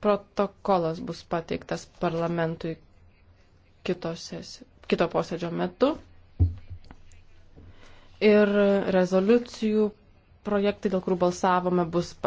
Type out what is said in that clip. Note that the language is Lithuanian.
protokolas bus pateiktas parlamentui kitoses, kito posėdžio metu. Ir rezoliucijų projektai, dėl kurių balsavome, bus